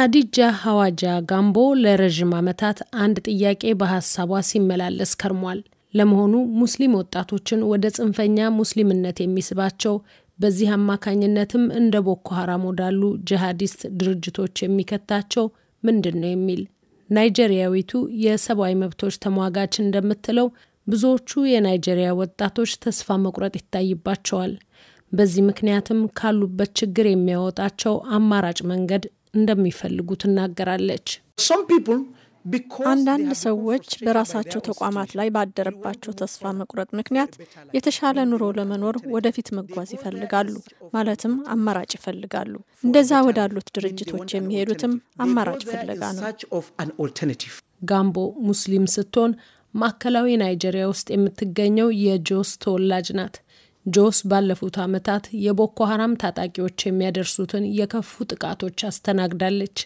ካዲጃ ሐዋጃ ጋምቦ ለረዥም ዓመታት አንድ ጥያቄ በሀሳቧ ሲመላለስ ከርሟል። ለመሆኑ ሙስሊም ወጣቶችን ወደ ጽንፈኛ ሙስሊምነት የሚስባቸው በዚህ አማካኝነትም እንደ ቦኮ ሀራም ወዳሉ ጂሃዲስት ድርጅቶች የሚከታቸው ምንድን ነው የሚል ናይጄሪያዊቱ የሰብአዊ መብቶች ተሟጋች እንደምትለው ብዙዎቹ የናይጄሪያ ወጣቶች ተስፋ መቁረጥ ይታይባቸዋል። በዚህ ምክንያትም ካሉበት ችግር የሚያወጣቸው አማራጭ መንገድ እንደሚፈልጉ ትናገራለች። አንዳንድ ሰዎች በራሳቸው ተቋማት ላይ ባደረባቸው ተስፋ መቁረጥ ምክንያት የተሻለ ኑሮ ለመኖር ወደፊት መጓዝ ይፈልጋሉ። ማለትም አማራጭ ይፈልጋሉ። እንደዛ ወዳሉት ድርጅቶች የሚሄዱትም አማራጭ ፍለጋ ነው። ጋምቦ ሙስሊም ስትሆን ማዕከላዊ ናይጄሪያ ውስጥ የምትገኘው የጆስ ተወላጅ ናት። ጆስ ባለፉት ዓመታት የቦኮ ሀራም ታጣቂዎች የሚያደርሱትን የከፉ ጥቃቶች አስተናግዳለች።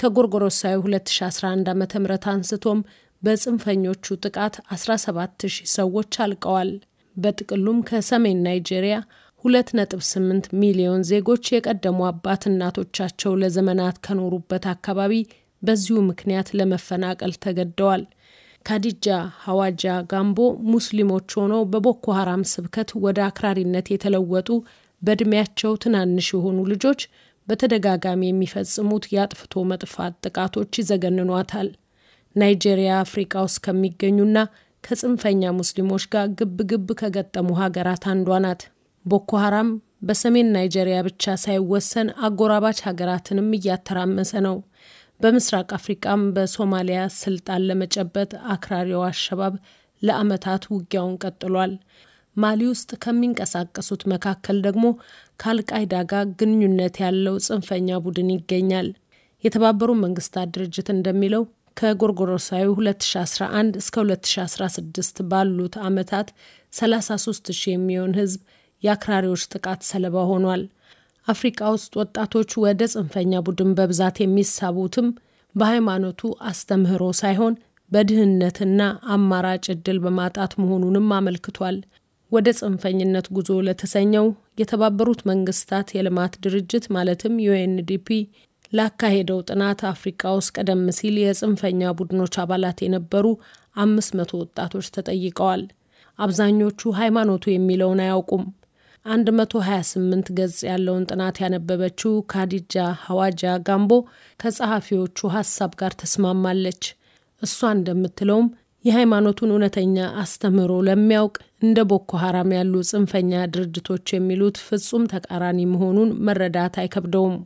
ከጎርጎሮሳዊ 2011 ዓ ም አንስቶም በጽንፈኞቹ ጥቃት 17000 ሰዎች አልቀዋል። በጥቅሉም ከሰሜን ናይጄሪያ 2.8 ሚሊዮን ዜጎች የቀደሙ አባት እናቶቻቸው ለዘመናት ከኖሩበት አካባቢ በዚሁ ምክንያት ለመፈናቀል ተገደዋል። ካዲጃ ሐዋጃ ጋምቦ ሙስሊሞች ሆነው በቦኮ ሐራም ስብከት ወደ አክራሪነት የተለወጡ በእድሜያቸው ትናንሽ የሆኑ ልጆች በተደጋጋሚ የሚፈጽሙት የአጥፍቶ መጥፋት ጥቃቶች ይዘገንኗታል። ናይጄሪያ አፍሪቃ ውስጥ ከሚገኙና ከጽንፈኛ ሙስሊሞች ጋር ግብ ግብ ከገጠሙ ሀገራት አንዷ ናት። ቦኮ ሐራም በሰሜን ናይጄሪያ ብቻ ሳይወሰን አጎራባች ሀገራትንም እያተራመሰ ነው። በምስራቅ አፍሪቃም በሶማሊያ ስልጣን ለመጨበጥ አክራሪው አሸባብ ለአመታት ውጊያውን ቀጥሏል። ማሊ ውስጥ ከሚንቀሳቀሱት መካከል ደግሞ ከአልቃይዳ ጋር ግንኙነት ያለው ጽንፈኛ ቡድን ይገኛል። የተባበሩ መንግስታት ድርጅት እንደሚለው ከጎርጎሮሳዊ 2011 እስከ 2016 ባሉት አመታት 33 ሺህ የሚሆን ህዝብ የአክራሪዎች ጥቃት ሰለባ ሆኗል። አፍሪካ ውስጥ ወጣቶች ወደ ጽንፈኛ ቡድን በብዛት የሚሳቡትም በሃይማኖቱ አስተምህሮ ሳይሆን በድህነትና አማራጭ ዕድል በማጣት መሆኑንም አመልክቷል። ወደ ጽንፈኝነት ጉዞ ለተሰኘው የተባበሩት መንግስታት የልማት ድርጅት ማለትም ዩኤንዲፒ ላካሄደው ጥናት አፍሪካ ውስጥ ቀደም ሲል የጽንፈኛ ቡድኖች አባላት የነበሩ አምስት መቶ ወጣቶች ተጠይቀዋል። አብዛኞቹ ሃይማኖቱ የሚለውን አያውቁም። 128 ገጽ ያለውን ጥናት ያነበበችው ካዲጃ ሀዋጃ ጋምቦ ከጸሐፊዎቹ ሀሳብ ጋር ተስማማለች። እሷ እንደምትለውም የሃይማኖቱን እውነተኛ አስተምህሮ ለሚያውቅ እንደ ቦኮ ሀራም ያሉ ጽንፈኛ ድርጅቶች የሚሉት ፍጹም ተቃራኒ መሆኑን መረዳት አይከብደውም።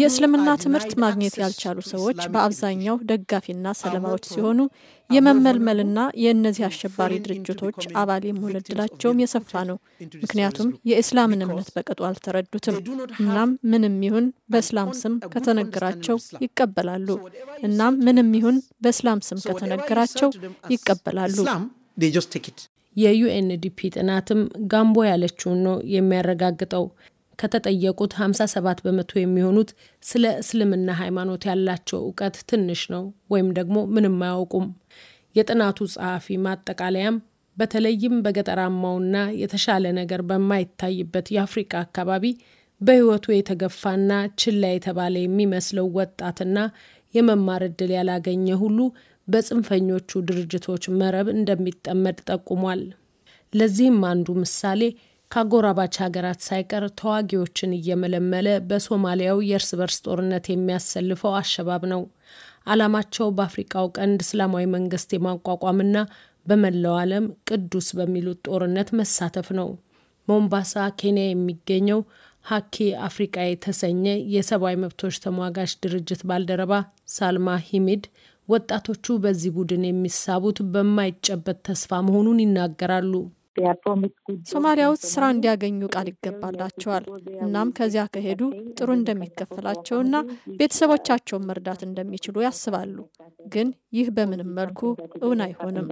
የእስልምና ትምህርት ማግኘት ያልቻሉ ሰዎች በአብዛኛው ደጋፊና ሰለባዎች ሲሆኑ የመመልመልና የእነዚህ አሸባሪ ድርጅቶች አባል የመሆን እድላቸውም የሰፋ ነው። ምክንያቱም የእስላምን እምነት በቅጡ አልተረዱትም። እናም ምንም ይሁን በእስላም ስም ከተነገራቸው ይቀበላሉ። እናም ምንም ይሁን በእስላም ስም ከተነገራቸው ይቀበላሉ። የዩኤንዲፒ ጥናትም ጋምቦ ያለችውን ነው የሚያረጋግጠው። ከተጠየቁት 57 በመቶ የሚሆኑት ስለ እስልምና ሃይማኖት ያላቸው እውቀት ትንሽ ነው ወይም ደግሞ ምንም አያውቁም። የጥናቱ ጸሐፊ ማጠቃለያም በተለይም በገጠራማውና የተሻለ ነገር በማይታይበት የአፍሪቃ አካባቢ በህይወቱ የተገፋና ችላ የተባለ የሚመስለው ወጣትና የመማር ዕድል ያላገኘ ሁሉ በጽንፈኞቹ ድርጅቶች መረብ እንደሚጠመድ ጠቁሟል። ለዚህም አንዱ ምሳሌ ከአጎራባች ሀገራት ሳይቀር ተዋጊዎችን እየመለመለ በሶማሊያው የእርስ በርስ ጦርነት የሚያሰልፈው አሸባብ ነው። ዓላማቸው በአፍሪቃው ቀንድ እስላማዊ መንግስት የማቋቋምና በመላው ዓለም ቅዱስ በሚሉት ጦርነት መሳተፍ ነው። ሞምባሳ ኬንያ የሚገኘው ሀኪ አፍሪቃ የተሰኘ የሰብአዊ መብቶች ተሟጋች ድርጅት ባልደረባ ሳልማ ሂሚድ ወጣቶቹ በዚህ ቡድን የሚሳቡት በማይጨበት ተስፋ መሆኑን ይናገራሉ። ሶማሊያ ውስጥ ስራ እንዲያገኙ ቃል ይገባላቸዋል። እናም ከዚያ ከሄዱ ጥሩ እንደሚከፈላቸውና ቤተሰቦቻቸውን መርዳት እንደሚችሉ ያስባሉ። ግን ይህ በምንም መልኩ እውን አይሆንም።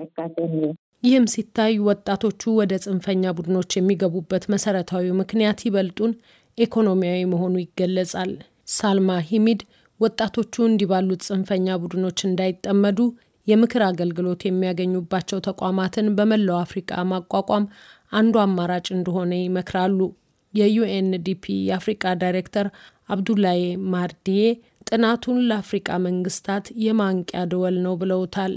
ይህም ሲታይ ወጣቶቹ ወደ ጽንፈኛ ቡድኖች የሚገቡበት መሰረታዊ ምክንያት ይበልጡን ኢኮኖሚያዊ መሆኑ ይገለጻል። ሳልማ ሂሚድ ወጣቶቹ እንዲህ ባሉት ጽንፈኛ ቡድኖች እንዳይጠመዱ የምክር አገልግሎት የሚያገኙባቸው ተቋማትን በመላው አፍሪቃ ማቋቋም አንዱ አማራጭ እንደሆነ ይመክራሉ። የዩኤንዲፒ የአፍሪቃ ዳይሬክተር አብዱላይ ማርዲዬ ጥናቱን ለአፍሪቃ መንግስታት የማንቂያ ደወል ነው ብለውታል።